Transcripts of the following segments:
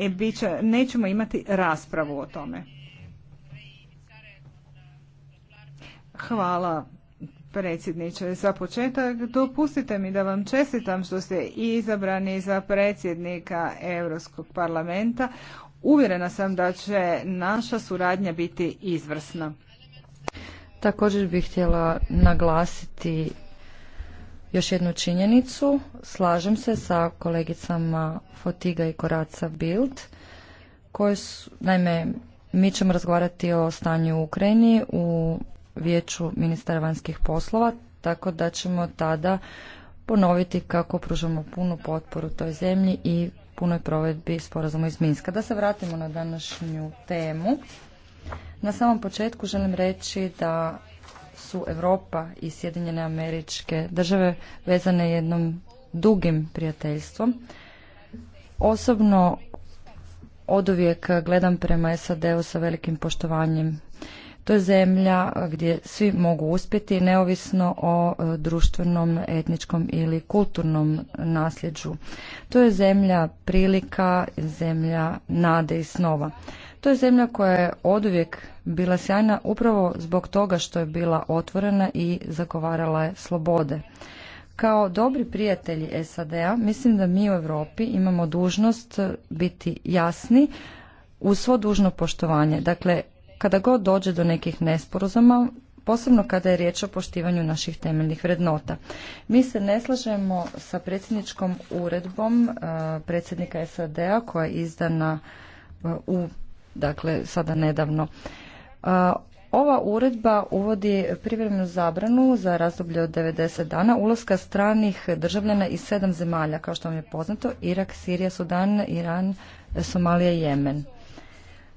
E, biće, nećemo imati raspravu o tome. Hvala predsjedniče. Za početak dopustite mi da vam čestitam što ste izabrani za predsjednika Europskog parlamenta. Uvjerena sam da će naša suradnja biti izvrsna. Također bih htjela naglasiti još jednu činjenicu. Slažem se sa kolegicama Fotiga i Koraca Bild, koje su, naime, mi ćemo razgovarati o stanju u Ukrajini u vijeću ministara vanjskih poslova, tako da ćemo tada ponoviti kako pružamo punu potporu toj zemlji i punoj provedbi sporazuma iz Minska. Da se vratimo na današnju temu. Na samom početku želim reći da su Europa i Sjedinjene američke države vezane jednom dugim prijateljstvom. Osobno oduvijek gledam prema SAD-u sa velikim poštovanjem. To je zemlja gdje svi mogu uspjeti neovisno o e, društvenom, etničkom ili kulturnom nasljeđu. To je zemlja prilika, zemlja nade i snova. To je zemlja koja je oduvijek bila sjajna upravo zbog toga što je bila otvorena i zagovarala je slobode. Kao dobri prijatelji SAD-a mislim da mi u Europi imamo dužnost biti jasni u svo dužno poštovanje. Dakle, kada god dođe do nekih nesporazuma, posebno kada je riječ o poštivanju naših temeljnih vrednota. Mi se ne slažemo sa predsjedničkom uredbom eh, predsjednika SAD-a koja je izdana eh, u dakle sada nedavno. Ova uredba uvodi privremenu zabranu za razdoblje od 90 dana ulaska stranih državljana iz sedam zemalja, kao što vam je poznato, Irak, Sirija, Sudan, Iran, Somalija i Jemen.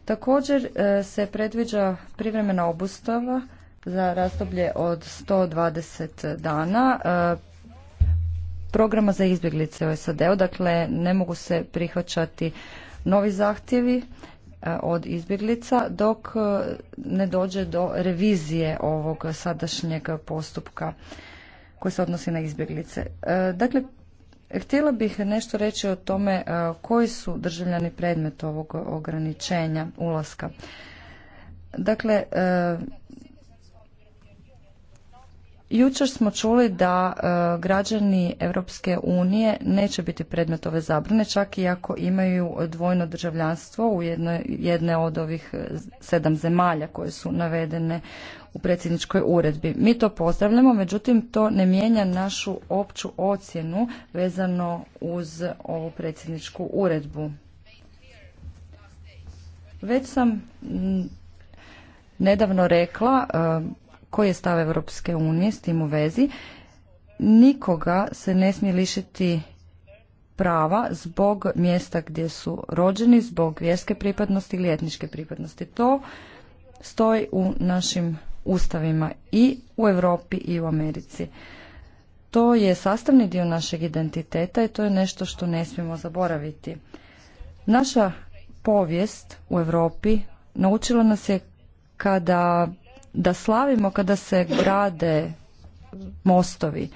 Također e, se predviđa privremena obustava za razdoblje od 120 dana e, programa za izbjeglice u SAD-u, dakle ne mogu se prihvaćati novi zahtjevi E, od izbjeglica dok e, ne dođe do revizije ovog sadašnjeg postupka koji se odnosi na izbjeglice. E, dakle, htjela bih nešto reći o tome koji su državljani predmet ovog ograničenja ulaska. Dakle, Jučer smo čuli da e, građani Europske unije neće biti predmet ove zabrane, čak i ako imaju dvojno državljanstvo u jedne, jedne od ovih e, sedam zemalja koje su navedene u predsjedničkoj uredbi. Mi to pozdravljamo, međutim to ne mijenja našu opću ocjenu vezano uz ovu predsjedničku uredbu. Već sam nedavno rekla e, koji je stav Europske unije s tim u vezi. Nikoga se ne smije lišiti prava zbog mjesta gdje su rođeni, zbog vjerske pripadnosti ili etničke pripadnosti. To stoji u našim ustavima i u Europi i u Americi. To je sastavni dio našeg identiteta i to je nešto što ne smijemo zaboraviti. Naša povijest u Europi naučila nas je kada da slavimo kada se grade mostovi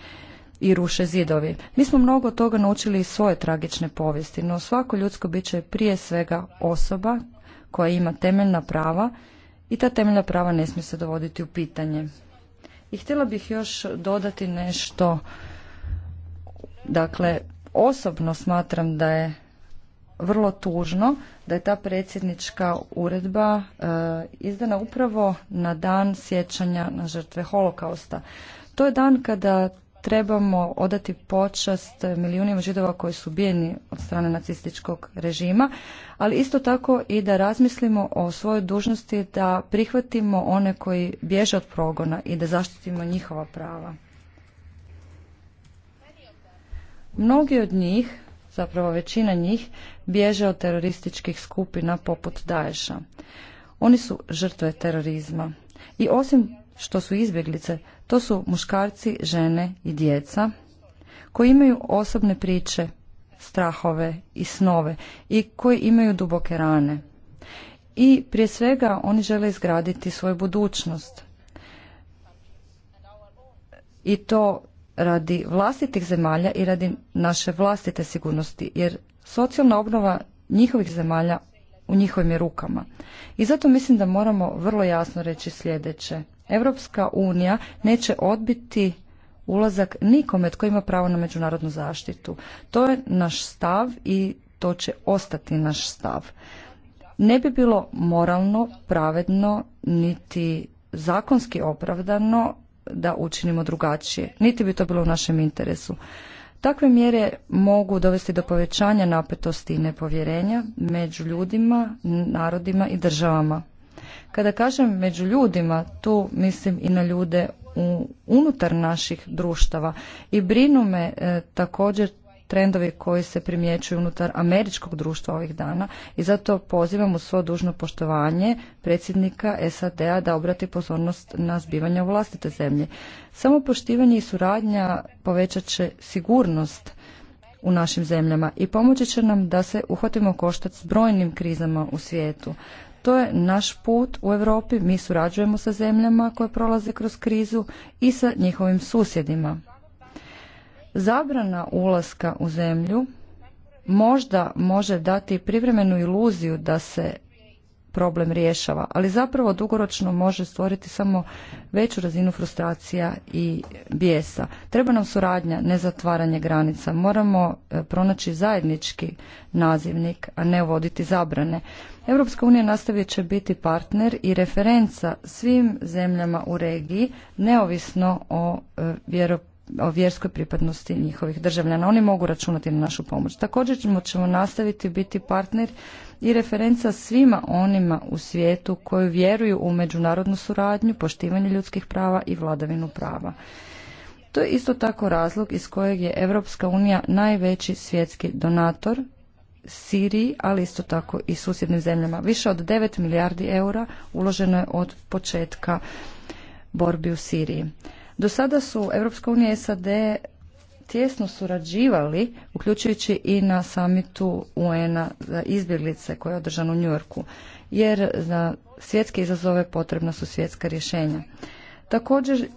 i ruše zidovi. Mi smo mnogo toga naučili iz svoje tragične povijesti, no svako ljudsko biće je prije svega osoba koja ima temeljna prava i ta temeljna prava ne smije se dovoditi u pitanje. I htjela bih još dodati nešto. Dakle, osobno smatram da je vrlo tužno da je ta predsjednička uredba e, izdana upravo na dan sjećanja na žrtve holokausta. To je dan kada trebamo odati počast milijunima židova koji su bijeni od strane nacističkog režima, ali isto tako i da razmislimo o svojoj dužnosti da prihvatimo one koji bježe od progona i da zaštitimo njihova prava. Mnogi od njih, zapravo većina njih, bježe od terorističkih skupina poput Daesha. Oni su žrtve terorizma. I osim što su izbjeglice, to su muškarci, žene i djeca koji imaju osobne priče, strahove i snove i koji imaju duboke rane. I prije svega oni žele izgraditi svoju budućnost. I to radi vlastitih zemalja i radi naše vlastite sigurnosti, jer Socijalna obnova njihovih zemalja u njihovim je rukama. I zato mislim da moramo vrlo jasno reći sljedeće. Europska unija neće odbiti ulazak nikome tko ima pravo na međunarodnu zaštitu. To je naš stav i to će ostati naš stav. Ne bi bilo moralno, pravedno, niti zakonski opravdano da učinimo drugačije. Niti bi to bilo u našem interesu. Takve mjere mogu dovesti do povećanja napetosti i nepovjerenja među ljudima, narodima i državama. Kada kažem među ljudima, tu mislim i na ljude unutar naših društava i brinu me e, također trendovi koji se primjećuju unutar američkog društva ovih dana i zato pozivam u svo dužno poštovanje predsjednika SAD-a da obrati pozornost na zbivanja u vlastite zemlje. Samo poštivanje i suradnja povećat će sigurnost u našim zemljama i pomoći će nam da se uhvatimo koštac s brojnim krizama u svijetu. To je naš put u Europi, mi surađujemo sa zemljama koje prolaze kroz krizu i sa njihovim susjedima. Zabrana ulaska u zemlju možda može dati privremenu iluziju da se problem rješava, ali zapravo dugoročno može stvoriti samo veću razinu frustracija i bijesa. Treba nam suradnja, ne zatvaranje granica. Moramo e, pronaći zajednički nazivnik, a ne uvoditi zabrane. Europska unija nastavit će biti partner i referenca svim zemljama u regiji, neovisno o e, vjeropravljanju o vjerskoj pripadnosti njihovih državljana. Oni mogu računati na našu pomoć. Također ćemo, ćemo nastaviti biti partner i referenca svima onima u svijetu koji vjeruju u međunarodnu suradnju, poštivanje ljudskih prava i vladavinu prava. To je isto tako razlog iz kojeg je Europska unija najveći svjetski donator Siriji, ali isto tako i susjednim zemljama. Više od 9 milijardi eura uloženo je od početka borbi u Siriji. Do sada su Europska unija i SAD tjesno surađivali, uključujući i na samitu UN-a za izbjeglice koji je održan u Njujorku, jer za svjetske izazove potrebna su svjetska rješenja. Također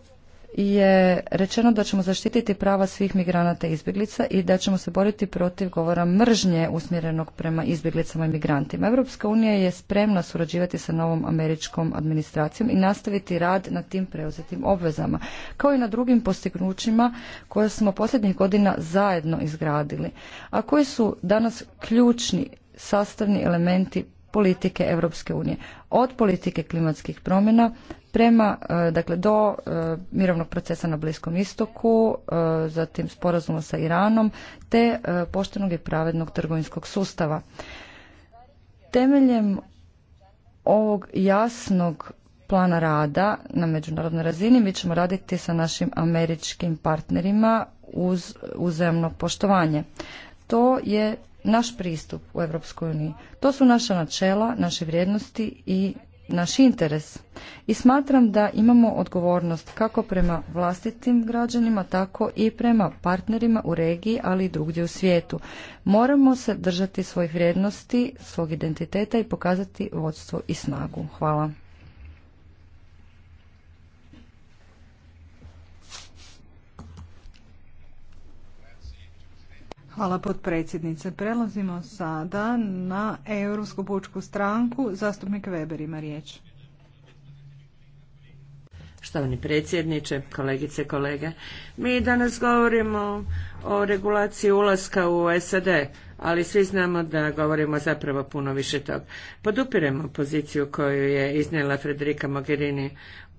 je rečeno da ćemo zaštititi prava svih migranata i izbjeglica i da ćemo se boriti protiv govora mržnje usmjerenog prema izbjeglicama i migrantima. Europska unija je spremna surađivati sa novom američkom administracijom i nastaviti rad na tim preuzetim obvezama, kao i na drugim postignućima koje smo posljednjih godina zajedno izgradili, a koji su danas ključni sastavni elementi politike Europske unije, od politike klimatskih promjena Prema, e, dakle, do e, mirovnog procesa na Bliskom istoku, e, zatim sporazuma sa Iranom, te poštenog i pravednog trgovinskog sustava. Temeljem ovog jasnog plana rada na međunarodnoj razini mi ćemo raditi sa našim američkim partnerima uz uzajamno poštovanje. To je naš pristup u Europskoj uniji. To su naša načela, naše vrijednosti i naš interes. I smatram da imamo odgovornost kako prema vlastitim građanima, tako i prema partnerima u regiji, ali i drugdje u svijetu. Moramo se držati svojih vrijednosti, svog identiteta i pokazati vodstvo i snagu. Hvala. Hvala potpredsjednice. Prelazimo sada na Europsku pučku stranku. Zastupnik Weber ima riječ. Štovani predsjedniče, kolegice i kolege, mi danas govorimo o regulaciji ulaska u SAD, ali svi znamo da govorimo zapravo puno više tog. Podupiremo poziciju koju je iznijela Frederika Mogherini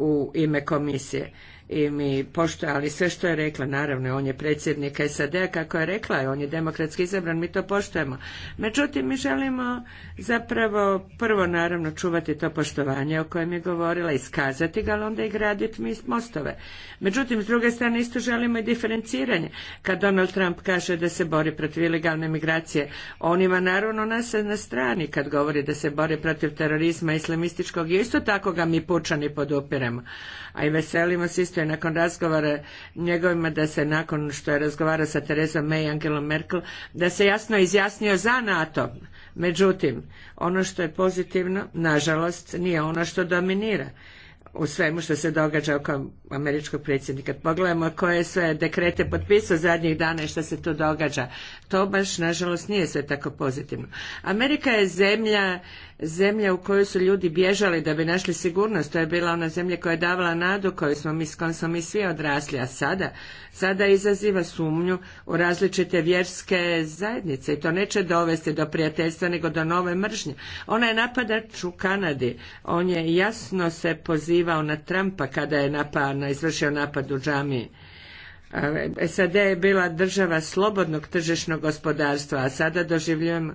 u ime komisije i mi poštujemo, ali sve što je rekla, naravno, on je predsjednik SAD-a, kako je rekla, on je demokratski izabran, mi to poštujemo. Međutim, mi želimo zapravo prvo, naravno, čuvati to poštovanje o kojem je govorila, iskazati ga, ali onda i graditi mi mostove. Međutim, s druge strane, isto želimo i diferenciranje. Kad Donald Trump kaže da se bori protiv ilegalne migracije, on ima naravno nas na strani kad govori da se bori protiv terorizma islamističkog i isto tako ga mi pučani podupire raspravljamo. A i veselimo se isto je nakon razgovora njegovima da se nakon što je razgovarao sa Terezom May i Angelom Merkel da se jasno izjasnio za NATO. Međutim, ono što je pozitivno, nažalost, nije ono što dominira u svemu što se događa oko američkog predsjednika. Pogledajmo koje sve dekrete potpisao zadnjih dana i što se tu događa. To baš, nažalost, nije sve tako pozitivno. Amerika je zemlja zemlja u kojoj su ljudi bježali da bi našli sigurnost. To je bila ona zemlja koja je davala nadu koju smo mi, s kojom smo mi svi odrasli. A sada, sada izaziva sumnju u različite vjerske zajednice i to neće dovesti do prijateljstva nego do nove mržnje. Ona je napadač u Kanadi. On je jasno se pozivao na Trumpa kada je napao, izvršio napad u džamiji E, SAD je bila država slobodnog tržišnog gospodarstva, a sada doživljujem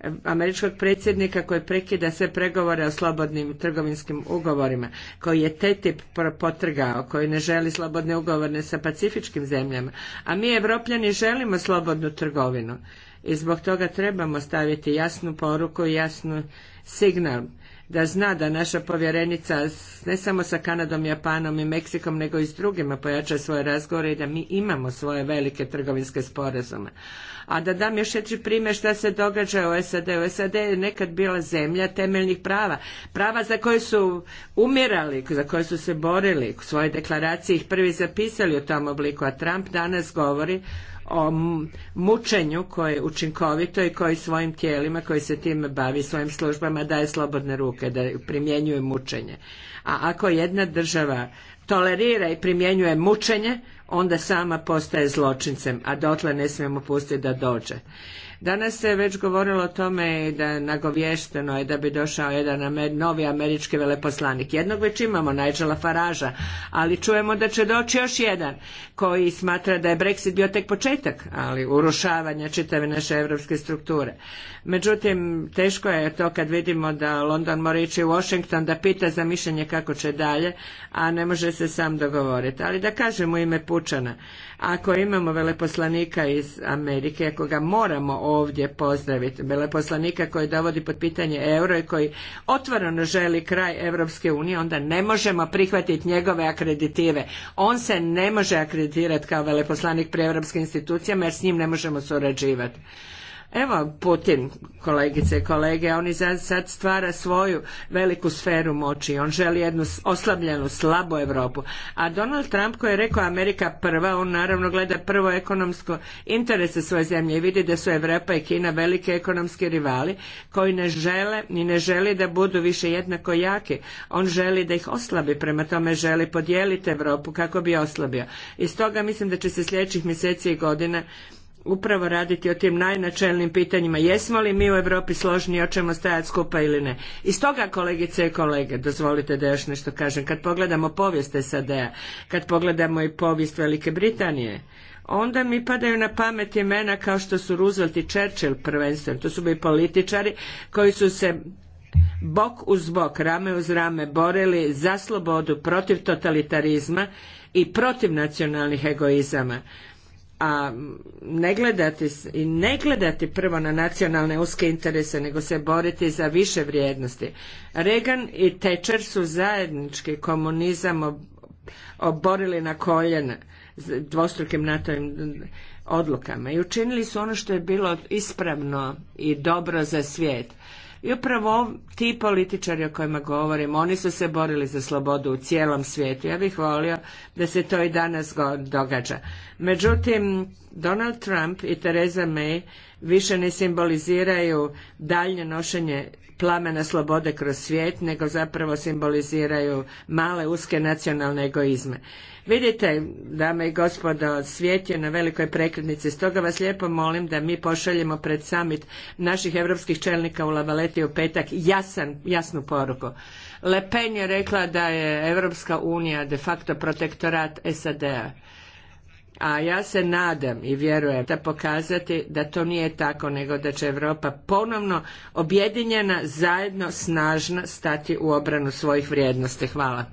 e, američkog predsjednika koji prekida sve pregovore o slobodnim trgovinskim ugovorima, koji je TTIP potrgao, koji ne želi slobodne ugovore sa pacifičkim zemljama, a mi evropljani želimo slobodnu trgovinu i zbog toga trebamo staviti jasnu poruku i jasnu signal da zna da naša povjerenica ne samo sa Kanadom, Japanom i Meksikom nego i s drugima pojača svoje razgovore i da mi imamo svoje velike trgovinske sporazume. A da dam još jedan primjer šta se događa u SAD-u. SAD je nekad bila zemlja temeljnih prava. Prava za koje su umirali, za koje su se borili. U svojoj deklaraciji ih prvi zapisali u tom obliku. A Trump danas govori o mučenju koje je učinkovito i koji svojim tijelima koji se time bavi, svojim službama daje slobodne ruke da primjenjuje mučenje. A ako jedna država tolerira i primjenjuje mučenje, onda sama postaje zločincem, a dotle ne smijemo pustiti da dođe. Danas se već govorilo o tome da nagovješteno je da bi došao jedan novi američki veleposlanik. Jednog već imamo, Nigela Faraža, ali čujemo da će doći još jedan koji smatra da je Brexit bio tek početak, ali urušavanja čitave naše europske strukture. Međutim, teško je to kad vidimo da London mora ići u Washington da pita za mišljenje kako će dalje, a ne može se sam dogovoriti. Ali da kažem u ime Pučana, ako imamo veleposlanika iz Amerike, ako ga moramo ovdje pozdraviti, veleposlanika koji dovodi pod pitanje euro i koji otvoreno želi kraj Europske unije, onda ne možemo prihvatiti njegove akreditive. On se ne može akreditirati kao veleposlanik pri europskim institucijama jer s njim ne možemo surađivati. Evo Putin, kolegice i kolege, on i sad stvara svoju veliku sferu moći. On želi jednu oslabljenu, slabu Europu. A Donald Trump koji je rekao Amerika prva, on naravno gleda prvo ekonomsko interese svoje zemlje i vidi da su Evropa i Kina velike ekonomski rivali koji ne žele ni ne želi da budu više jednako jaki. On želi da ih oslabi, prema tome želi podijeliti Europu kako bi oslabio. I stoga mislim da će se sljedećih mjeseci i godina upravo raditi o tim najnačelnim pitanjima jesmo li mi u Europi složni hoćemo stajati skupa ili ne. I stoga kolegice i kolege, dozvolite da još nešto kažem, kad pogledamo povijest SAD-a, kad pogledamo i povijest Velike Britanije, onda mi padaju na pamet imena kao što su Roosevelt i Churchill prvenstveno, to su bili političari koji su se bok uz bok, rame uz rame borili za slobodu protiv totalitarizma i protiv nacionalnih egoizama a ne gledati i ne gledati prvo na nacionalne uske interese nego se boriti za više vrijednosti. Reagan i Thatcher su zajednički komunizam oborili na koljena dvostrukim NATO odlukama i učinili su ono što je bilo ispravno i dobro za svijet. I upravo ti političari o kojima govorim, oni su se borili za slobodu u cijelom svijetu. Ja bih volio da se to i danas događa. Međutim, Donald Trump i Theresa May više ne simboliziraju daljnje nošenje plamena slobode kroz svijet, nego zapravo simboliziraju male, uske nacionalne egoizme. Vidite, dame i gospodo, svijet je na velikoj prekretnici, stoga vas lijepo molim da mi pošaljemo pred summit naših europskih čelnika u Lavaleti u petak jasan, jasnu poruku. Le Pen je rekla da je Europska unija de facto protektorat SAD-a a ja se nadam i vjerujem da pokazati da to nije tako, nego da će Europa ponovno objedinjena, zajedno, snažna stati u obranu svojih vrijednosti. Hvala.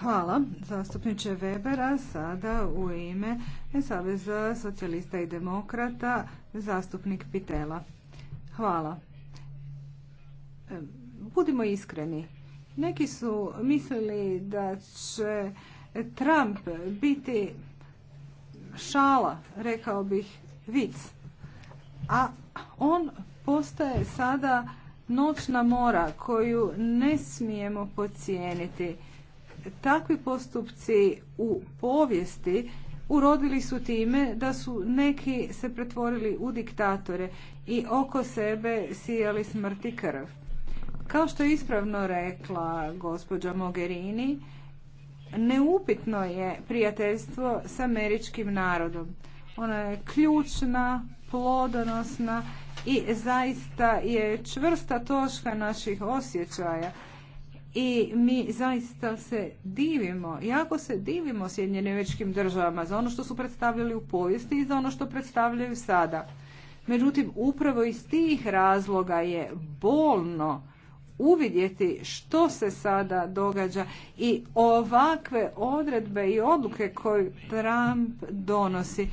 Hvala, zastupniče Webera. Sada u ime Saveza socijalista i demokrata, zastupnik Pitela. Hvala. Budimo iskreni, neki su mislili da će Trump biti šala, rekao bih, vic. A on postaje sada noćna mora koju ne smijemo pocijeniti. Takvi postupci u povijesti urodili su time da su neki se pretvorili u diktatore i oko sebe sijali smrti krv. Kao što je ispravno rekla gospođa Mogherini, neupitno je prijateljstvo s američkim narodom. Ona je ključna, plodonosna i zaista je čvrsta toška naših osjećaja. I mi zaista se divimo, jako se divimo Sjedinjenim američkim državama za ono što su predstavljali u povijesti i za ono što predstavljaju sada. Međutim, upravo iz tih razloga je bolno uvidjeti što se sada događa i ovakve odredbe i odluke koje Trump donosi.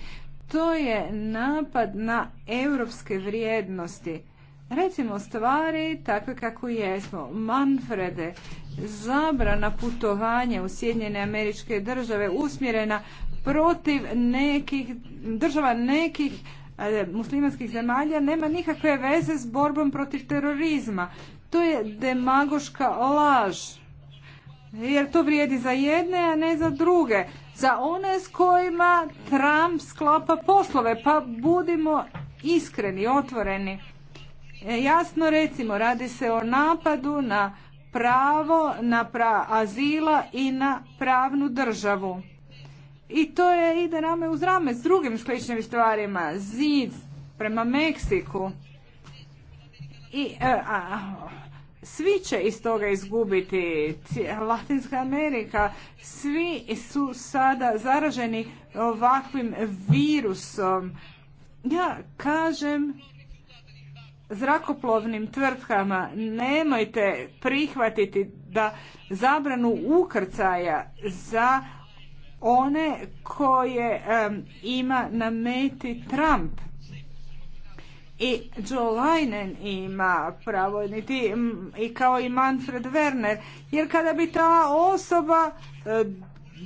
To je napad na europske vrijednosti. Recimo stvari takve kako jesmo. Manfrede, zabrana putovanja u Sjedinjene američke države usmjerena protiv nekih država nekih e, muslimanskih zemalja nema nikakve veze s borbom protiv terorizma. To je demagoška laž. Jer to vrijedi za jedne, a ne za druge. Za one s kojima Trump sklapa poslove. Pa budimo iskreni, otvoreni. E, jasno recimo, radi se o napadu na pravo, na pra azila i na pravnu državu. I to je ide rame uz rame s drugim sličnim stvarima. Zid prema Meksiku. I, e, a, svi će iz toga izgubiti, Latinska Amerika, svi su sada zaraženi ovakvim virusom. Ja kažem zrakoplovnim tvrtkama nemojte prihvatiti da zabranu ukrcaja za one koje ima nameti Trump i Joe Leinen ima pravo niti, i kao i Manfred Werner jer kada bi ta osoba e,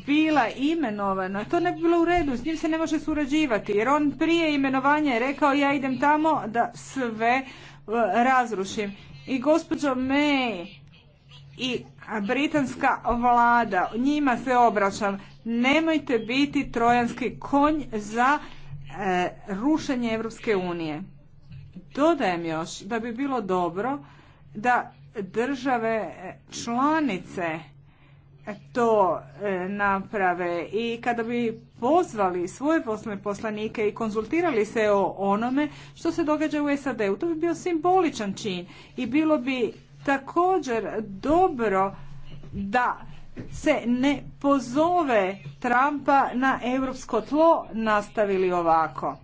bila imenovana to ne bi bilo u redu, s njim se ne može surađivati jer on prije imenovanja je rekao ja idem tamo da sve e, razrušim i gospođo May i britanska vlada njima se obraćam nemojte biti trojanski konj za e, rušenje Europske unije Dodajem još da bi bilo dobro da države članice to e, naprave i kada bi pozvali svoje poslanike i konzultirali se o onome što se događa u SAD-u. To bi bio simboličan čin i bilo bi također dobro da se ne pozove Trumpa na europsko tlo nastavili ovako.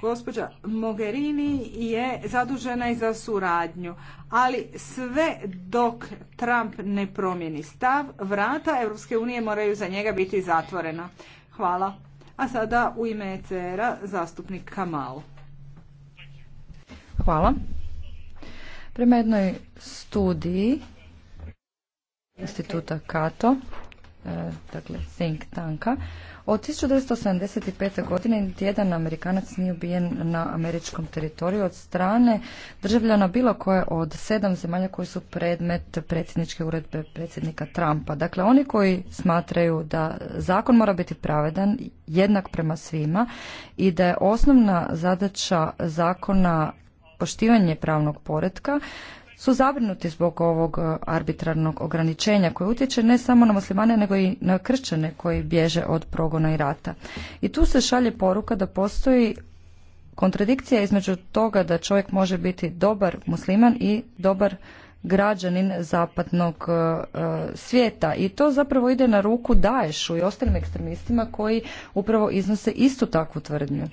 Gospođa Mogherini je zadužena i za suradnju, ali sve dok Trump ne promijeni stav, vrata Europske unije moraju za njega biti zatvorena. Hvala. A sada u ime ECR-a zastupnik Kamal. Hvala. Prema jednoj studiji instituta Kato, E, dakle think tanka. Od 1975. godine niti jedan Amerikanac nije ubijen na američkom teritoriju od strane državljana bilo koje od sedam zemalja koji su predmet predsjedničke uredbe predsjednika Trumpa. Dakle, oni koji smatraju da zakon mora biti pravedan, jednak prema svima i da je osnovna zadaća zakona poštivanje pravnog poretka, su zabrinuti zbog ovog e, arbitrarnog ograničenja koje utječe ne samo na muslimane nego i na kršćane koji bježe od progona i rata. I tu se šalje poruka da postoji kontradikcija između toga da čovjek može biti dobar musliman i dobar građanin zapadnog e, e, svijeta i to zapravo ide na ruku Daješu i ostalim ekstremistima koji upravo iznose istu takvu tvrdnju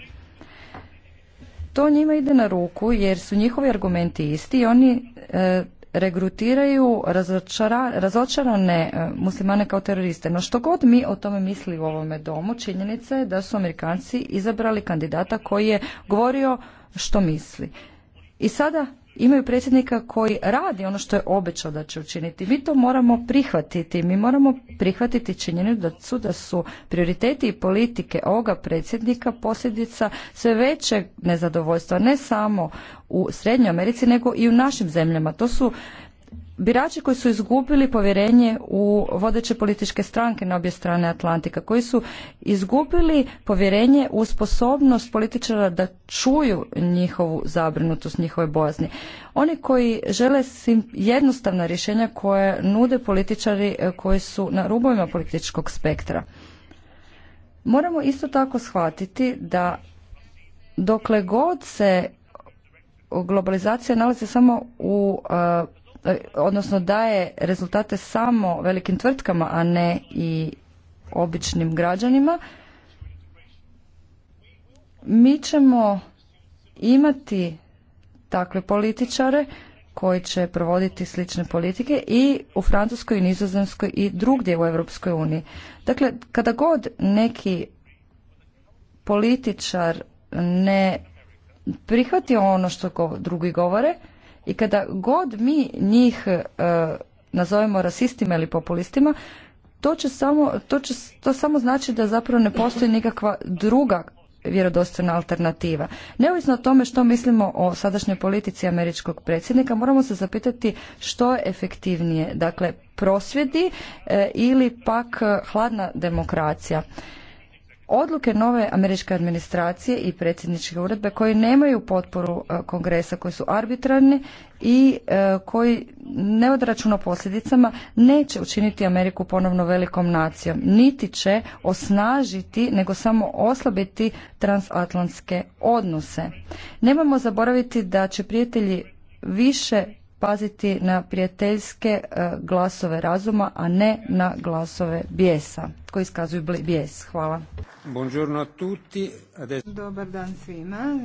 to njima ide na ruku jer su njihovi argumenti isti i oni e, regrutiraju razočara, razočarane e, muslimane kao teroriste. No što god mi o tome misli u ovome domu, činjenica je da su Amerikanci izabrali kandidata koji je govorio što misli. I sada imaju predsjednika koji radi ono što je obećao da će učiniti. Mi to moramo prihvatiti. Mi moramo prihvatiti činjenicu da su, prioriteti i politike ovoga predsjednika posljedica sve većeg nezadovoljstva, ne samo u Srednjoj Americi, nego i u našim zemljama. To su birači koji su izgubili povjerenje u vodeće političke stranke na obje strane Atlantika, koji su izgubili povjerenje u sposobnost političara da čuju njihovu zabrinutost, njihove bojazni. Oni koji žele jednostavna rješenja koje nude političari e, koji su na rubovima političkog spektra. Moramo isto tako shvatiti da dokle god se globalizacija nalazi samo u e, odnosno daje rezultate samo velikim tvrtkama, a ne i običnim građanima, mi ćemo imati takve političare koji će provoditi slične politike i u Francuskoj i Nizozemskoj i drugdje u Europskoj uniji. Dakle, kada god neki političar ne prihvati ono što drugi govore, i kada god mi njih e, nazovemo rasistima ili populistima, to će samo, to, samo znači da zapravo ne postoji nikakva druga vjerodostojna alternativa. Neovisno o tome što mislimo o sadašnjoj politici američkog predsjednika, moramo se zapitati što je efektivnije, dakle prosvjedi e, ili pak hladna demokracija odluke nove američke administracije i predsjedničke uredbe koji nemaju potporu e, kongresa, koji su arbitrarni i e, koji ne neodračuno posljedicama neće učiniti Ameriku ponovno velikom nacijom, niti će osnažiti, nego samo oslabiti transatlantske odnose. Nemamo zaboraviti da će prijatelji više paziti na prijateljske e, glasove razuma, a ne na glasove bijesa, koji iskazuju bijes. Hvala. Buongiorno a tutti. Dobar dan svima.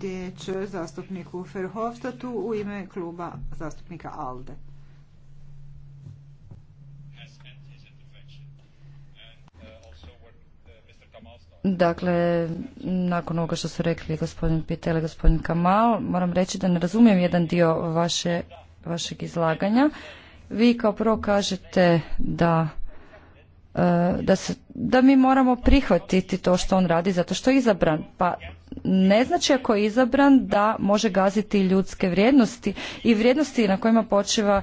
riječ zastupniku Ferhofstatu u ime kluba zastupnika ALDE. Dakle, nakon ovoga što su rekli gospodin Pitele i gospodin Kamal, moram reći da ne razumijem jedan dio vaše, vašeg izlaganja. Vi kao prvo kažete da e, da, se, da mi moramo prihvatiti to što on radi zato što je izabran. Pa ne znači ako je izabran da može gaziti ljudske vrijednosti i vrijednosti na kojima počiva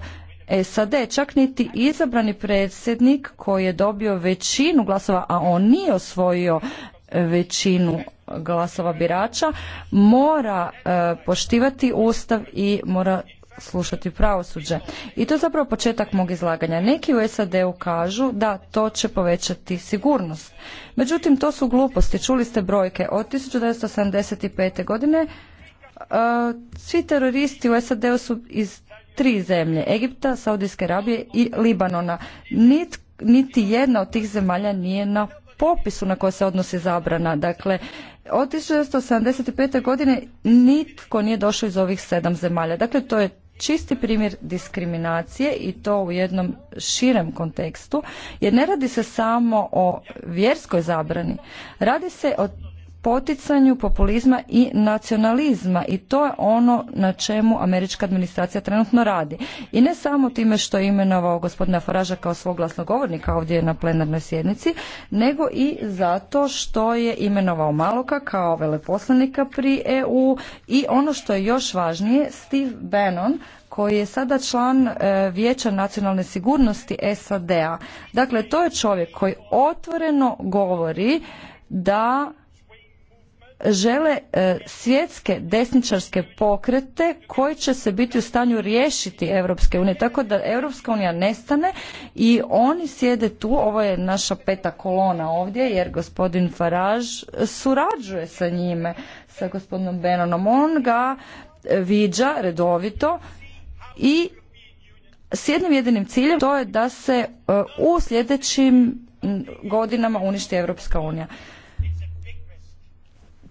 SAD. Čak niti izabrani predsjednik koji je dobio većinu glasova, a on nije osvojio većinu glasova birača, mora e, poštivati Ustav i mora slušati pravosuđe. I to je zapravo početak mog izlaganja. Neki u SAD-u kažu da to će povećati sigurnost. Međutim, to su gluposti. Čuli ste brojke. Od 1975. godine e, svi teroristi u SAD-u su iz tri zemlje. Egipta, Saudijske Arabije i Libanona. niti jedna od tih zemalja nije na popisu na koje se odnosi zabrana. Dakle, od 1975. godine nitko nije došao iz ovih sedam zemalja. Dakle, to je čisti primjer diskriminacije i to u jednom širem kontekstu, jer ne radi se samo o vjerskoj zabrani. Radi se o poticanju populizma i nacionalizma i to je ono na čemu američka administracija trenutno radi. I ne samo time što je imenovao gospodina Faraža kao svog ovdje na plenarnoj sjednici, nego i zato što je imenovao Maloka kao veleposlanika pri EU i ono što je još važnije, Steve Bannon koji je sada član e, Vijeća nacionalne sigurnosti SAD-a. Dakle, to je čovjek koji otvoreno govori da žele e, svjetske desničarske pokrete koji će se biti u stanju riješiti Europske unije. Tako da Europska unija nestane i oni sjede tu, ovo je naša peta kolona ovdje jer gospodin Farage surađuje sa njime, sa gospodinom Benonom. On ga e, viđa redovito i s jednim jedinim ciljem to je da se e, u sljedećim godinama uništi Europska unija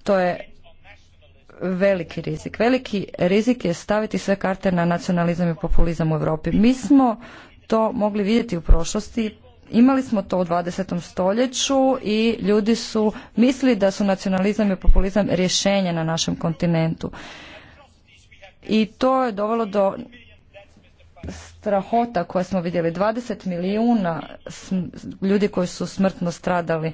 to je veliki rizik. Veliki rizik je staviti sve karte na nacionalizam i populizam u Europi. Mi smo to mogli vidjeti u prošlosti. Imali smo to u 20. stoljeću i ljudi su mislili da su nacionalizam i populizam rješenje na našem kontinentu. I to je dovelo do strahota koje smo vidjeli. 20 milijuna ljudi koji su smrtno stradali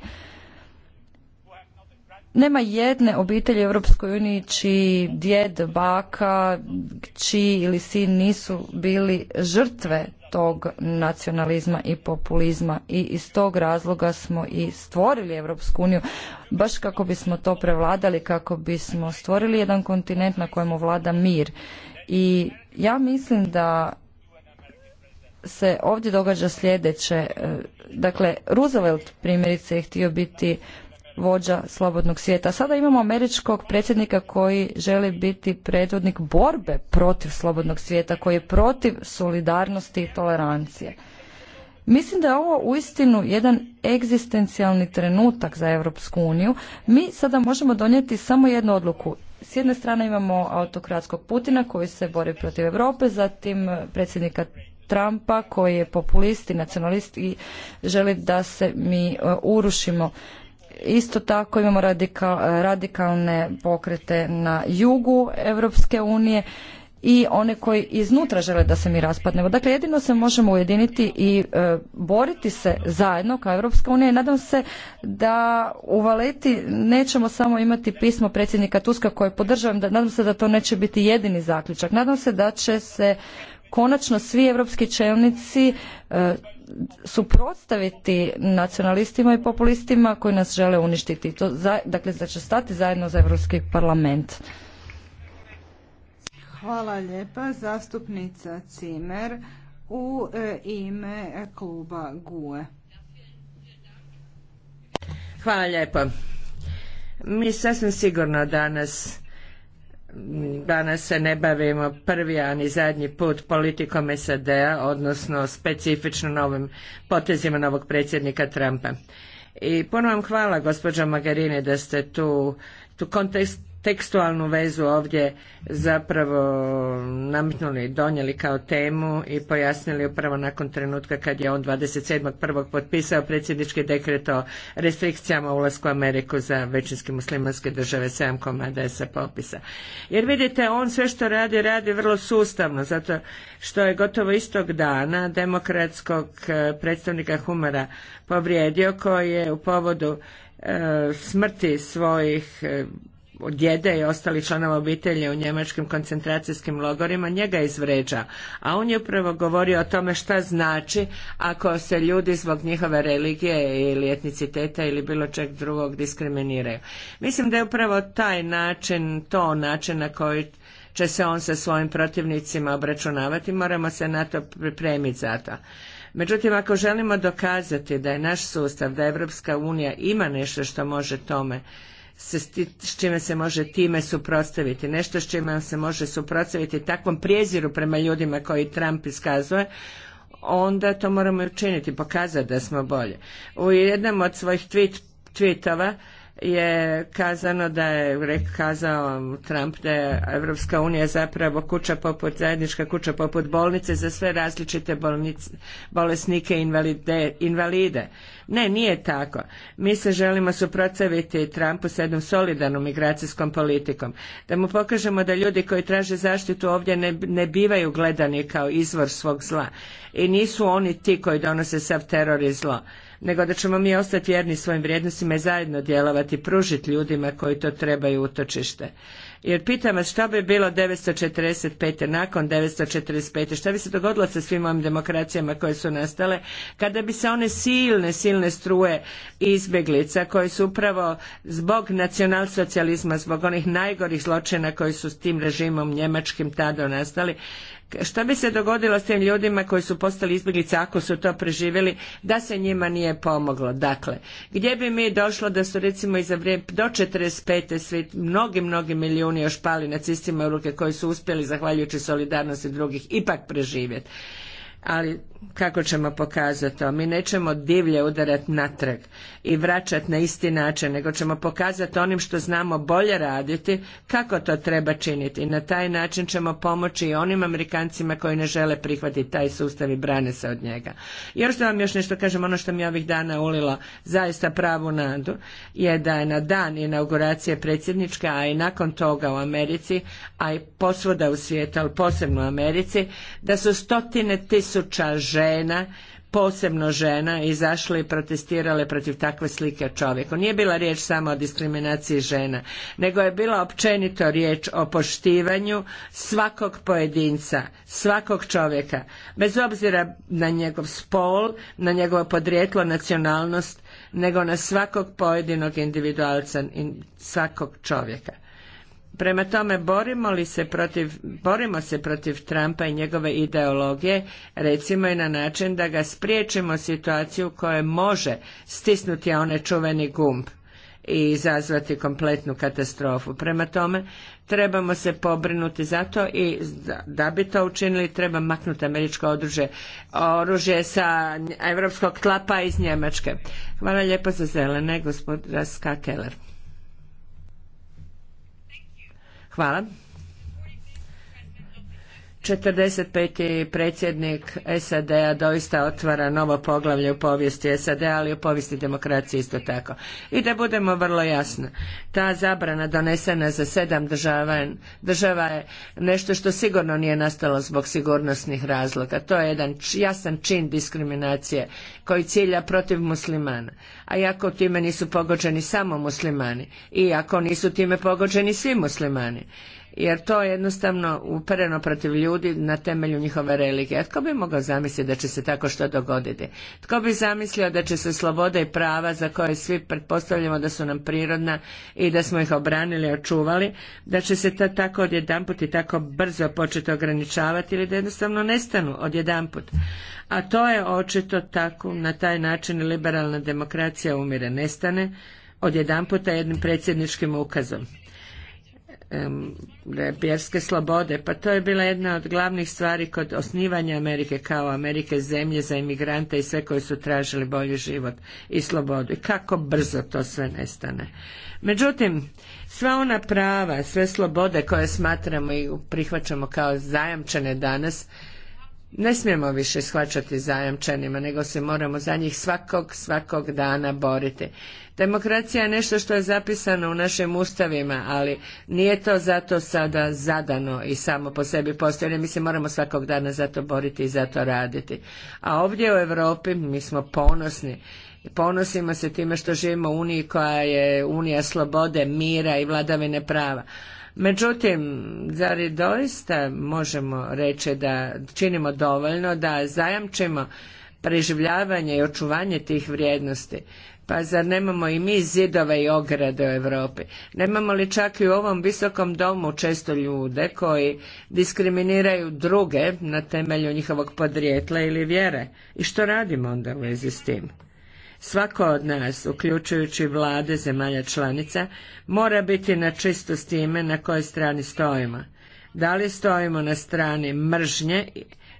nema jedne obitelji u Europskoj uniji čiji djed, baka, čiji ili sin nisu bili žrtve tog nacionalizma i populizma i iz tog razloga smo i stvorili Europsku uniju baš kako bismo to prevladali, kako bismo stvorili jedan kontinent na kojemu vlada mir. I ja mislim da se ovdje događa sljedeće. E, dakle, Roosevelt primjerice je htio biti vođa slobodnog svijeta. Sada imamo američkog predsjednika koji želi biti predvodnik borbe protiv slobodnog svijeta, koji je protiv solidarnosti i tolerancije. Mislim da je ovo uistinu jedan egzistencijalni trenutak za Europsku uniju. Mi sada možemo donijeti samo jednu odluku. S jedne strane imamo autokratskog Putina koji se bori protiv Europe, zatim predsjednika Trumpa koji je populist i nacionalist i želi da se mi e, urušimo. Isto tako imamo radikalne pokrete na jugu Europske unije i one koji iznutra žele da se mi raspadnemo. Dakle, jedino se možemo ujediniti i e, boriti se zajedno kao Europska unija i nadam se da u Valeti nećemo samo imati pismo predsjednika Tuska koje podržavam, nadam se da to neće biti jedini zaključak. Nadam se da će se konačno svi europski čelnici e, suprotstaviti nacionalistima i populistima koji nas žele uništiti. dakle, da će stati zajedno za Europski parlament. Hvala lijepa, zastupnica Cimer u e, ime kluba GUE. Hvala lijepa Mi sasvim sigurno danas danas se ne bavimo prvi, a zadnji put politikom SAD-a, odnosno specifično novim potezima novog predsjednika Trumpa. I puno vam hvala, gospođo Magarini, da ste tu, tu kontekst, tekstualnu vezu ovdje zapravo nametnuli i donijeli kao temu i pojasnili upravo nakon trenutka kad je on 27.1. potpisao predsjednički dekret o restrikcijama ulasku u Ameriku za većinski muslimanske države 7 komada sa popisa. Jer vidite, on sve što radi, radi vrlo sustavno, zato što je gotovo istog dana demokratskog e, predstavnika Humara povrijedio koji je u povodu e, smrti svojih e, djede i ostali članova obitelji u njemačkim koncentracijskim logorima, njega izvređa. A on je upravo govorio o tome šta znači ako se ljudi zbog njihove religije ili etniciteta ili bilo čeg drugog diskriminiraju. Mislim da je upravo taj način, to način na koji će se on sa svojim protivnicima obračunavati, moramo se na to pripremiti za to. Međutim, ako želimo dokazati da je naš sustav, da Evropska unija ima nešto što može tome s čime se može time suprotstaviti. Nešto s čime se može suprotstaviti takvom prijeziru prema ljudima koji Trump iskazuje, onda to moramo učiniti, pokazati da smo bolje. U jednom od svojih tweet, tweetova je kazano da je kazao Trump da je Evropska unija zapravo kuća poput zajednička kuća poput bolnice za sve različite bolesnike invalide, invalide. Ne, nije tako. Mi se želimo suprotstaviti Trumpu s jednom solidarnom migracijskom politikom. Da mu pokažemo da ljudi koji traže zaštitu ovdje ne, ne bivaju gledani kao izvor svog zla. I nisu oni ti koji donose sav teror i zlo nego da ćemo mi ostati vjerni svojim vrijednostima i zajedno djelovati, pružiti ljudima koji to trebaju utočište. Jer pitam vas što bi bilo 945. nakon 945. što bi se dogodilo sa svim ovim demokracijama koje su nastale kada bi se one silne, silne struje izbjeglica koje su upravo zbog nacionalsocijalizma, zbog onih najgorih zločina koji su s tim režimom njemačkim tada nastali, Šta bi se dogodilo s tim ljudima koji su postali izbjeglice ako su to preživjeli da se njima nije pomoglo? Dakle, gdje bi mi došlo da su recimo iza vrijeme do 45. svi mnogi, mnogi milijuni još pali nacistima u ruke koji su uspjeli zahvaljujući solidarnosti drugih ipak preživjeti. Ali kako ćemo pokazati to? Mi nećemo divlje udarati natrag i vraćati na isti način, nego ćemo pokazati onim što znamo bolje raditi kako to treba činiti. I na taj način ćemo pomoći i onim Amerikancima koji ne žele prihvatiti taj sustav i brane se od njega. Još da vam još nešto kažem, ono što mi ovih dana ulilo zaista pravu nadu je da je na dan inauguracije predsjednička, a i nakon toga u Americi, a i posvuda u svijetu, ali posebno u Americi, da su stotine tisuća žena posebno žena izašle i protestirale protiv takve slike čovjeka. Nije bila riječ samo o diskriminaciji žena, nego je bila općenito riječ o poštivanju svakog pojedinca, svakog čovjeka, bez obzira na njegov spol, na njegovo podrijetlo, nacionalnost, nego na svakog pojedinog individualca, svakog čovjeka. Prema tome, borimo, li se protiv, borimo se protiv Trumpa i njegove ideologije, recimo i na način da ga spriječimo situaciju koja može stisnuti onaj čuveni gumb i izazvati kompletnu katastrofu. Prema tome, trebamo se pobrinuti za to i da bi to učinili treba maknuti američko oružje, oružje sa evropskog tlapa iz Njemačke. Hvala lijepo za zelene, gospodin Raska Keller. Hvala. 45. predsjednik SAD-a doista otvara novo poglavlje u povijesti SAD-a, ali u povijesti demokracije isto tako. I da budemo vrlo jasni, ta zabrana donesena za sedam država, država je nešto što sigurno nije nastalo zbog sigurnosnih razloga. To je jedan jasan čin diskriminacije koji cilja protiv muslimana. A iako time nisu pogođeni samo muslimani i ako nisu time pogođeni svi muslimani jer to je jednostavno upereno protiv ljudi na temelju njihove religije. tko bi mogao zamisliti da će se tako što dogoditi? Tko bi zamislio da će se sloboda i prava za koje svi pretpostavljamo da su nam prirodna i da smo ih obranili i očuvali, da će se to tako odjedanput i tako brzo početi ograničavati ili da jednostavno nestanu odjedanput. A to je očito tako, na taj način liberalna demokracija umire, nestane odjedanputa jednim predsjedničkim ukazom vjerske slobode. Pa to je bila jedna od glavnih stvari kod osnivanja Amerike kao Amerike zemlje za imigrante i sve koji su tražili bolji život i slobodu. I kako brzo to sve nestane. Međutim, sva ona prava, sve slobode koje smatramo i prihvaćamo kao zajamčene danas ne smijemo više shvaćati zajamčenima, nego se moramo za njih svakog, svakog dana boriti. Demokracija je nešto što je zapisano u našim ustavima, ali nije to zato sada zadano i samo po sebi postoje. Mi se moramo svakog dana za to boriti i za to raditi. A ovdje u Europi mi smo ponosni. Ponosimo se time što živimo u Uniji koja je Unija slobode, mira i vladavine prava Međutim, zar i doista možemo reći da činimo dovoljno da zajamčimo preživljavanje i očuvanje tih vrijednosti? Pa zar nemamo i mi zidove i ograde u Europi? Nemamo li čak i u ovom visokom domu često ljude koji diskriminiraju druge na temelju njihovog podrijetla ili vjere? I što radimo onda u vezi s tim? Svako od nas, uključujući vlade zemalja članica, mora biti na čisto s time na kojoj strani stojimo. Da li stojimo na strani mržnje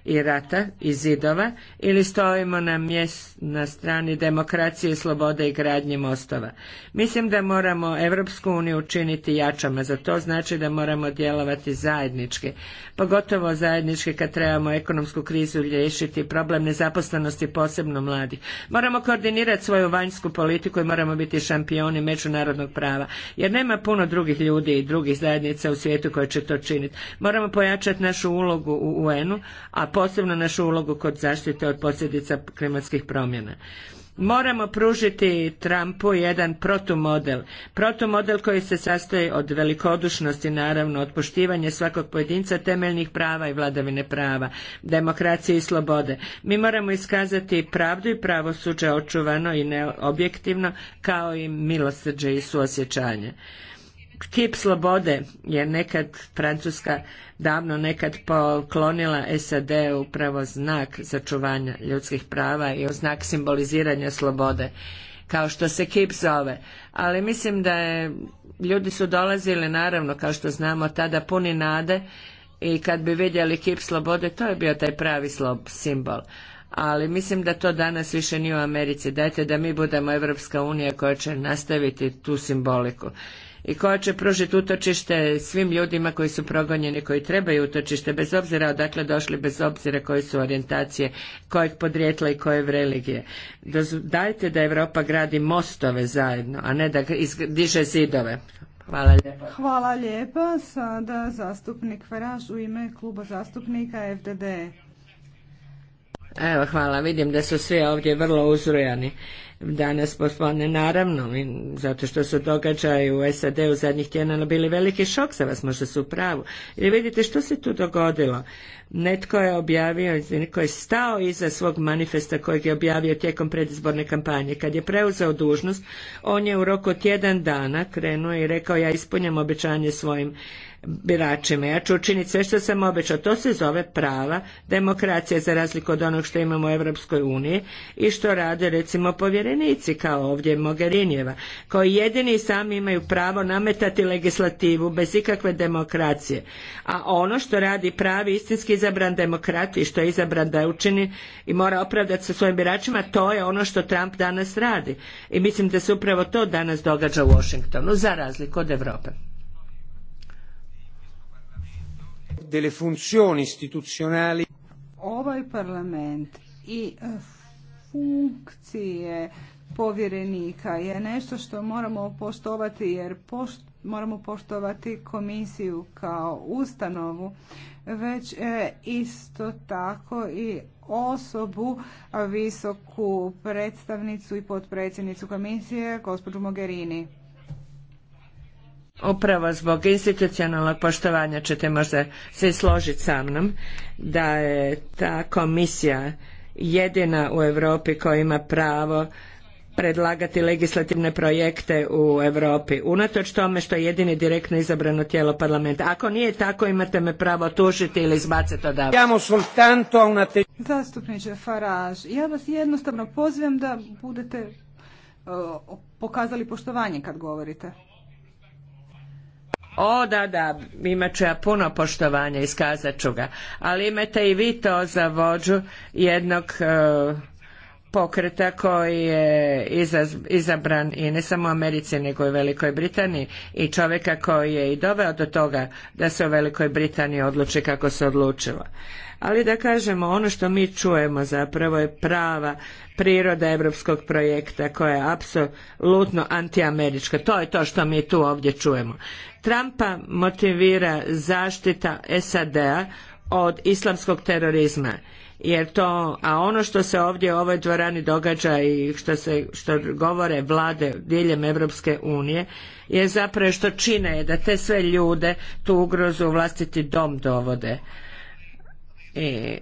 i rata i zidova ili stojimo na, mjest, na strani demokracije, slobode i gradnje mostova. Mislim da moramo Evropsku uniju učiniti jačama, za to znači da moramo djelovati zajednički, pogotovo zajednički kad trebamo ekonomsku krizu riješiti, problem nezaposlenosti posebno mladih. Moramo koordinirati svoju vanjsku politiku i moramo biti šampioni međunarodnog prava, jer nema puno drugih ljudi i drugih zajednica u svijetu koje će to činiti. Moramo pojačati našu ulogu u UN-u, a posebno našu ulogu kod zaštite od posljedica klimatskih promjena. Moramo pružiti Trumpu jedan protumodel. Protumodel koji se sastoji od velikodušnosti, naravno, od poštivanja svakog pojedinca, temeljnih prava i vladavine prava, demokracije i slobode. Mi moramo iskazati pravdu i pravosuđe očuvano i neobjektivno, kao i milosrđe i suosjećanje. Kip slobode je nekad Francuska davno nekad poklonila SAD upravo znak začuvanja ljudskih prava i znak simboliziranja slobode kao što se kip zove. Ali mislim da je, ljudi su dolazili naravno kao što znamo tada puni nade i kad bi vidjeli kip slobode to je bio taj pravi slob, simbol. Ali mislim da to danas više nije u Americi. Dajte da mi budemo Evropska unija koja će nastaviti tu simboliku i koja će pružiti utočište svim ljudima koji su progonjeni, koji trebaju utočište, bez obzira odakle došli, bez obzira koje su orijentacije, kojeg podrijetla i koje religije. Dajte da Europa gradi mostove zajedno, a ne da diže zidove. Hvala lijepa. Hvala lijepa. Sada zastupnik Faraž u ime kluba zastupnika FDD. Evo, hvala. Vidim da su svi ovdje vrlo uzrujani danas poslane, naravno, zato što su događaje u SAD-u zadnjih tjedana bili veliki šok za vas, možda su u pravu. Jer vidite što se tu dogodilo. Netko je objavio, netko je stao iza svog manifesta kojeg je objavio tijekom predizborne kampanje. Kad je preuzeo dužnost, on je u roku tjedan dana krenuo i rekao ja ispunjam obećanje svojim biračima. Ja ću učiniti sve što sam obećao. To se zove prava demokracija za razliku od onog što imamo u Europskoj uniji i što rade recimo povjerenici kao ovdje Mogarinjeva, koji jedini sami imaju pravo nametati legislativu bez ikakve demokracije. A ono što radi pravi istinski izabran demokrat i što je izabran da učini i mora opravdati sa svojim biračima, to je ono što Trump danas radi. I mislim da se upravo to danas događa u Washingtonu za razliku od Europe. delle funzioni istituzionali. Ovaj parlament i eh, funkcije povjerenika je nešto što moramo poštovati jer moramo poštovati komisiju kao ustanovu već eh, isto tako i osobu visoku predstavnicu i potpredsjednicu komisije gospođu Mogherini upravo zbog institucionalnog poštovanja ćete možda se složiti sa mnom da je ta komisija jedina u Europi koja ima pravo predlagati legislativne projekte u Europi, unatoč tome što je jedini direktno izabrano tijelo parlamenta. Ako nije tako, imate me pravo tužiti ili izbaciti odavde. Zastupniče Faraž, ja vas jednostavno pozivam da budete pokazali poštovanje kad govorite. O, da, da, imat ću ja puno poštovanja, iskazat ću ga. Ali imate i vi to za vođu jednog e, pokreta koji je izabran i ne samo u Americi nego i u Velikoj Britaniji i čovjeka koji je i doveo do toga da se u Velikoj Britaniji odluči kako se odlučilo ali da kažemo ono što mi čujemo zapravo je prava priroda europskog projekta koja je apsolutno antiamerička. To je to što mi tu ovdje čujemo. Trumpa motivira zaštita SAD-a od islamskog terorizma jer to, a ono što se ovdje u ovoj dvorani događa i što se, što govore vlade diljem Europske unije je zapravo što čine je da te sve ljude tu ugrozu u vlastiti dom dovode eh,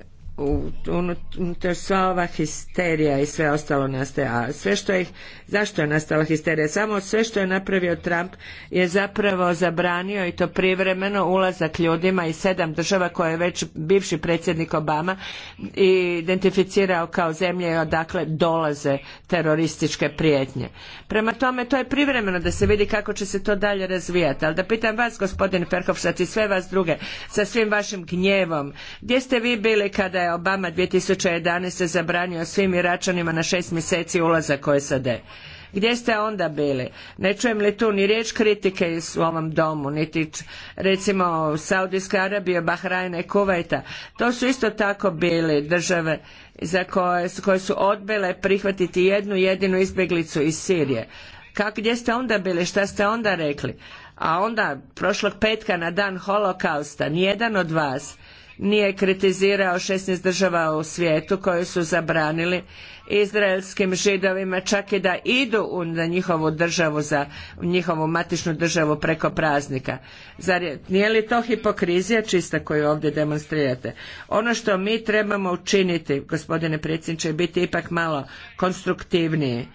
unutar sva ova histerija i sve ostalo nastaje. A sve što je, zašto je nastala histerija? Samo sve što je napravio Trump je zapravo zabranio i to privremeno ulazak ljudima iz sedam država koje je već bivši predsjednik Obama identificirao kao zemlje odakle dolaze terorističke prijetnje. Prema tome to je privremeno da se vidi kako će se to dalje razvijati. Ali da pitam vas gospodin Perkovšat i sve vas druge sa svim vašim gnjevom. Gdje ste vi bili kada je Obama 2011. zabranio svim Iračanima na šest mjeseci ulazak u SAD. Gdje ste onda bili? Ne čujem li tu ni riječ kritike u ovom domu, niti recimo Saudijska Arabija, Bahrajna i Kuvajta. To su isto tako bili države za koje, koje su odbile prihvatiti jednu jedinu izbjeglicu iz Sirije. Kako, gdje ste onda bili? Šta ste onda rekli? A onda, prošlog petka na dan holokausta, nijedan od vas nije kritizirao 16 država u svijetu koje su zabranili izraelskim židovima čak i da idu na njihovu državu za njihovu matičnu državu preko praznika. Zar je, nije li to hipokrizija čista koju ovdje demonstrirate? Ono što mi trebamo učiniti, gospodine predsjedniče, biti ipak malo konstruktivniji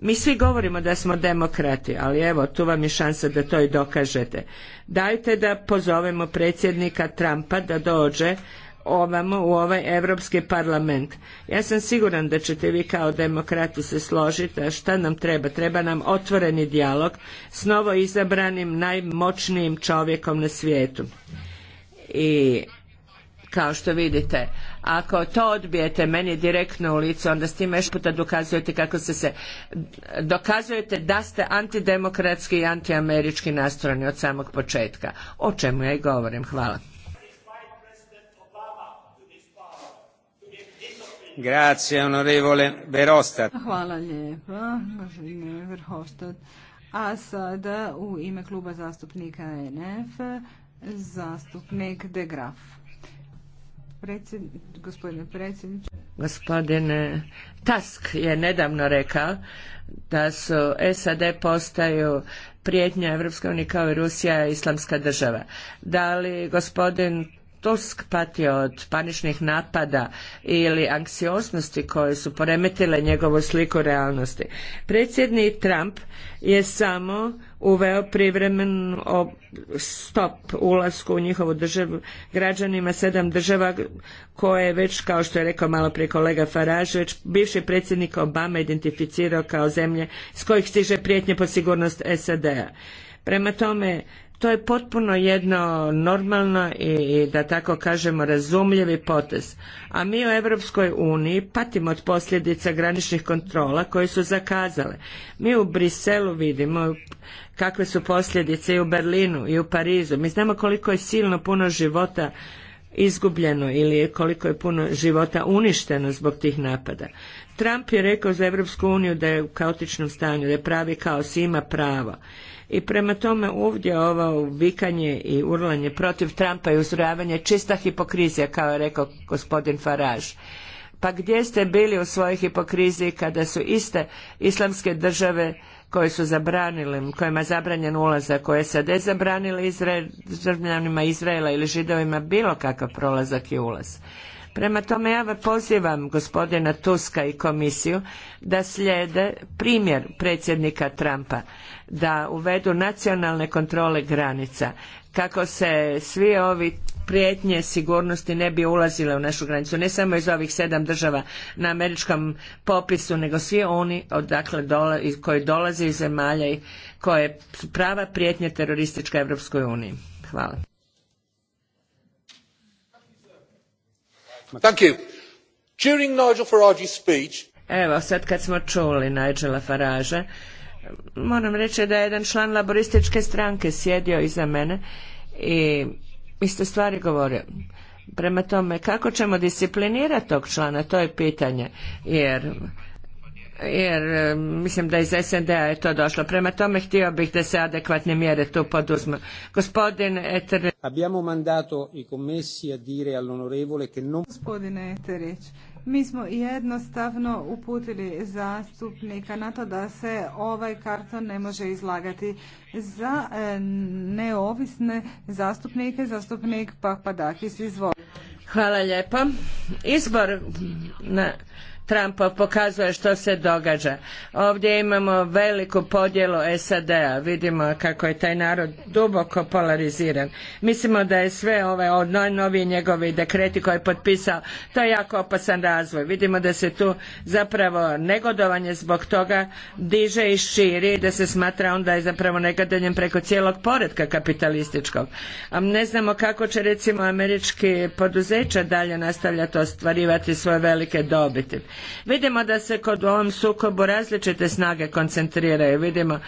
mi svi govorimo da smo demokrati, ali evo tu vam je šansa da to i dokažete. Dajte da pozovemo predsjednika Trumpa da dođe ovamo u ovaj Europski parlament. Ja sam siguran da ćete vi kao demokrati se složiti, a šta nam treba? Treba nam otvoreni dijalog s novo izabranim najmoćnijim čovjekom na svijetu. I kao što vidite, ako to odbijete meni direktno u lice, onda s tim još puta dokazujete kako ste se, dokazujete da ste antidemokratski i antiamerički nastrojeni od samog početka. O čemu ja i govorim. Hvala. Grazie, onorevole Hvala lijepa, A sada u ime kluba zastupnika NF zastupnik De Graf gospodine predsjedniče. Gospodine Tusk je nedavno rekao da su SAD postaju prijetnja Evropske unije kao i Rusija islamska država. Da li gospodin Tusk pati od paničnih napada ili anksioznosti koje su poremetile njegovu sliku realnosti. Predsjednik Trump je samo uveo privremen stop ulasku u njihovu državu građanima sedam država koje već kao što je rekao malo prije kolega Farage već bivši predsjednik Obama identificirao kao zemlje s kojih stiže prijetnje po sigurnost SAD-a. Prema tome to je potpuno jedno normalno i da tako kažemo razumljivi potez. A mi u Europskoj uniji patimo od posljedica graničnih kontrola koje su zakazale. Mi u Briselu vidimo kakve su posljedice i u Berlinu i u Parizu. Mi znamo koliko je silno puno života izgubljeno ili koliko je puno života uništeno zbog tih napada. Trump je rekao za Europsku uniju da je u kaotičnom stanju, da je pravi kaos, ima pravo. I prema tome ovdje ovo vikanje i urlanje protiv Trumpa i uzrojavanje čista hipokrizija, kao je rekao gospodin Farage. Pa gdje ste bili u svojoj hipokriziji kada su iste islamske države koje su zabranile, kojima je zabranjen ulazak, koje SAD zabranile državljanima Izraela ili židovima bilo kakav prolazak i ulaz? Prema tome ja pozivam gospodina Tuska i komisiju da slijede primjer predsjednika Trumpa, da uvedu nacionalne kontrole granica kako se svi ovi prijetnje sigurnosti ne bi ulazile u našu granicu. Ne samo iz ovih sedam država na američkom popisu, nego svi oni odakle koji dolaze iz zemalja i koje prava prijetnje teroristička Europskoj uniji. Hvala. Evo, sad kad smo čuli Nigela Farage, moram reći da je jedan član laborističke stranke sjedio iza mene i iste stvari govorio. Prema tome, kako ćemo disciplinirati tog člana, to je pitanje, jer jer e, mislim da iz SND-a je to došlo. Prema tome htio bih da se adekvatne mjere tu poduzmu. Gospodin Eterić... Abbiamo mandato i commessi a dire all'onorevole che non... Gospodine Eterić, mi smo jednostavno uputili zastupnika na to da se ovaj karton ne može izlagati za e, neovisne zastupnike, zastupnik Papadakis izvoli. Hvala lijepo. Izbor na Trump pokazuje što se događa. Ovdje imamo veliku podjelu SAD-a, vidimo kako je taj narod duboko polariziran. Mislimo da je sve ove novi njegovi dekreti koje je potpisao, to je jako opasan razvoj. Vidimo da se tu zapravo negodovanje zbog toga diže i širi i da se smatra onda je zapravo negodanjem preko cijelog poretka kapitalističkog. A ne znamo kako će recimo američki poduzeća dalje nastavljati ostvarivati svoje velike dobiti Vidimo da se kod ovom sukobu različite snage koncentriraju. Vidimo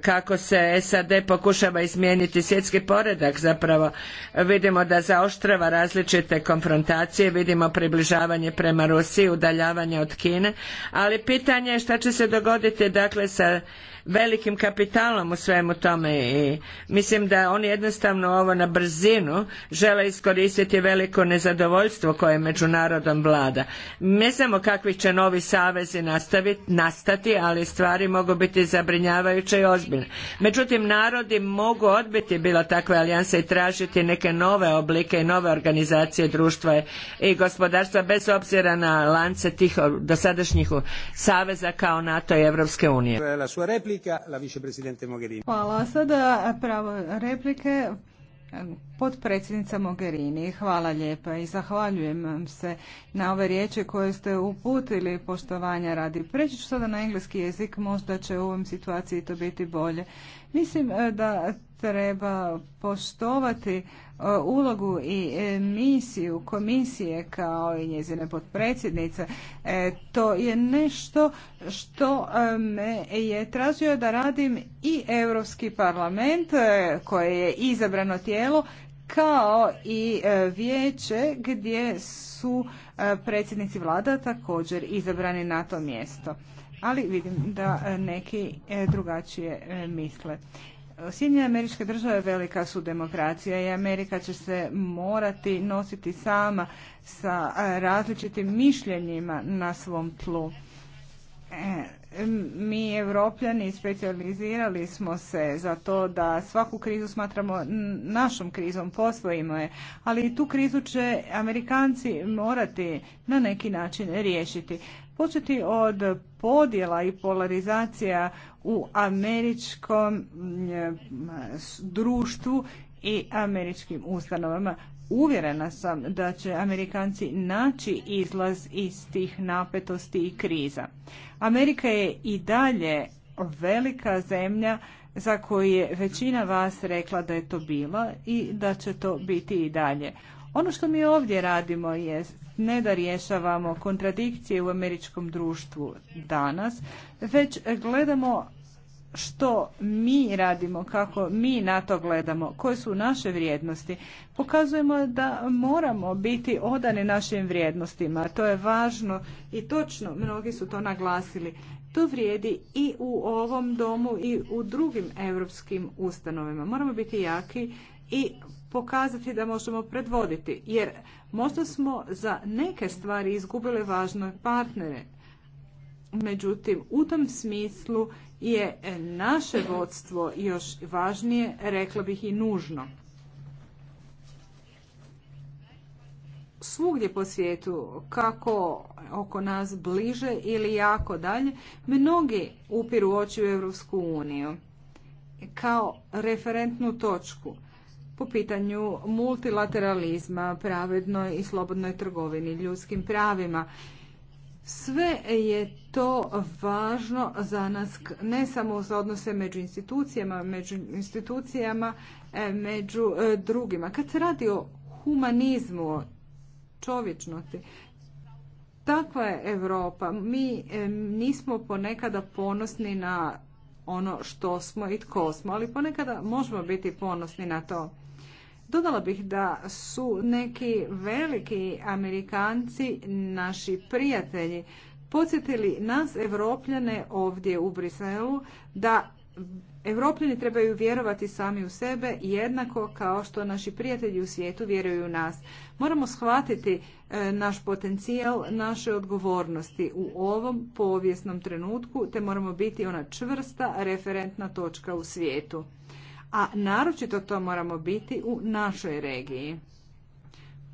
kako se SAD pokušava izmijeniti svjetski poredak zapravo. Vidimo da zaoštrava različite konfrontacije, vidimo približavanje prema Rusiji, udaljavanje od Kine, ali pitanje je šta će se dogoditi dakle sa velikim kapitalom u svemu tome i mislim da oni jednostavno ovo na brzinu žele iskoristiti veliko nezadovoljstvo koje međunarodom vlada. Ne znamo kakvi će novi savezi nastaviti, nastati, ali stvari mogu biti zabrinjavajuće i ozbiljne. Međutim, narodi mogu odbiti bilo takve alijanse i tražiti neke nove oblike i nove organizacije društva i gospodarstva bez obzira na lance tih dosadašnjih saveza kao NATO i Europske unije replika, la Mogherini. Hvala. Sada pravo replike potpredsjednica Mogherini. Hvala lijepa i zahvaljujem vam se na ove riječi koje ste uputili poštovanja radi. Preći ću sada na engleski jezik, možda će u ovom situaciji to biti bolje. Mislim eh, da treba poštovati E, ulogu i e, misiju komisije kao i njezine potpredsjednice. E, to je nešto što me je tražio da radim i Europski parlament koje je izabrano tijelo kao i vijeće gdje su predsjednici vlada također izabrani na to mjesto. Ali vidim da neki drugačije misle. Sjedinjene američke države velika su demokracija i Amerika će se morati nositi sama sa različitim mišljenjima na svom tlu. E, mi evropljani specijalizirali smo se za to da svaku krizu smatramo našom krizom, posvojimo je, ali tu krizu će Amerikanci morati na neki način riješiti početi od podjela i polarizacija u američkom e, društvu i američkim ustanovama. Uvjerena sam da će Amerikanci naći izlaz iz tih napetosti i kriza. Amerika je i dalje velika zemlja za koju je većina vas rekla da je to bila i da će to biti i dalje. Ono što mi ovdje radimo je ne da rješavamo kontradikcije u američkom društvu danas, već gledamo što mi radimo, kako mi na to gledamo, koje su naše vrijednosti. Pokazujemo da moramo biti odane našim vrijednostima. To je važno i točno, mnogi su to naglasili. To vrijedi i u ovom domu i u drugim europskim ustanovima. Moramo biti jaki i pokazati da možemo predvoditi, jer možda smo za neke stvari izgubile važne partnere. Međutim, u tom smislu je naše vodstvo još važnije, rekla bih i nužno. Svugdje po svijetu, kako oko nas bliže ili jako dalje, mnogi upiru oči u Europsku uniju kao referentnu točku po pitanju multilateralizma, pravednoj i slobodnoj trgovini, ljudskim pravima. Sve je to važno za nas, ne samo za odnose među institucijama, među institucijama, e, među e, drugima. Kad se radi o humanizmu, o čovječnosti, takva je Europa. Mi e, nismo ponekada ponosni na ono što smo i tko smo, ali ponekada možemo biti ponosni na to. Dodala bih da su neki veliki Amerikanci, naši prijatelji, podsjetili nas Evropljane ovdje u Briselu da Evropljani trebaju vjerovati sami u sebe jednako kao što naši prijatelji u svijetu vjeruju u nas. Moramo shvatiti e, naš potencijal, naše odgovornosti u ovom povijesnom trenutku, te moramo biti ona čvrsta referentna točka u svijetu a naročito to moramo biti u našoj regiji.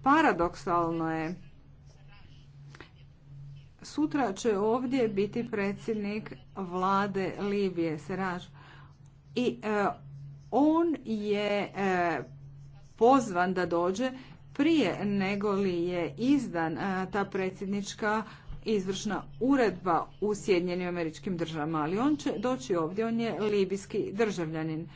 Paradoksalno je, sutra će ovdje biti predsjednik vlade Libije, Seraž, i e, on je e, pozvan da dođe prije nego li je izdan e, ta predsjednička izvršna uredba u Sjedinjenim američkim državama, ali on će doći ovdje, on je libijski državljanin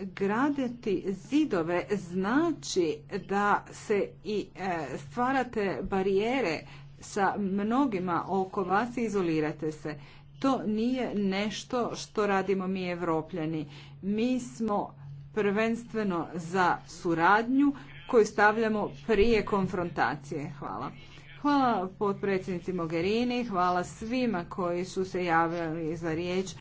graditi zidove znači da se i e, stvarate barijere sa mnogima oko vas i izolirate se. To nije nešto što radimo mi evropljani. Mi smo prvenstveno za suradnju koju stavljamo prije konfrontacije. Hvala. Hvala potpredsjednici Mogherini, hvala svima koji su se javili za riječ.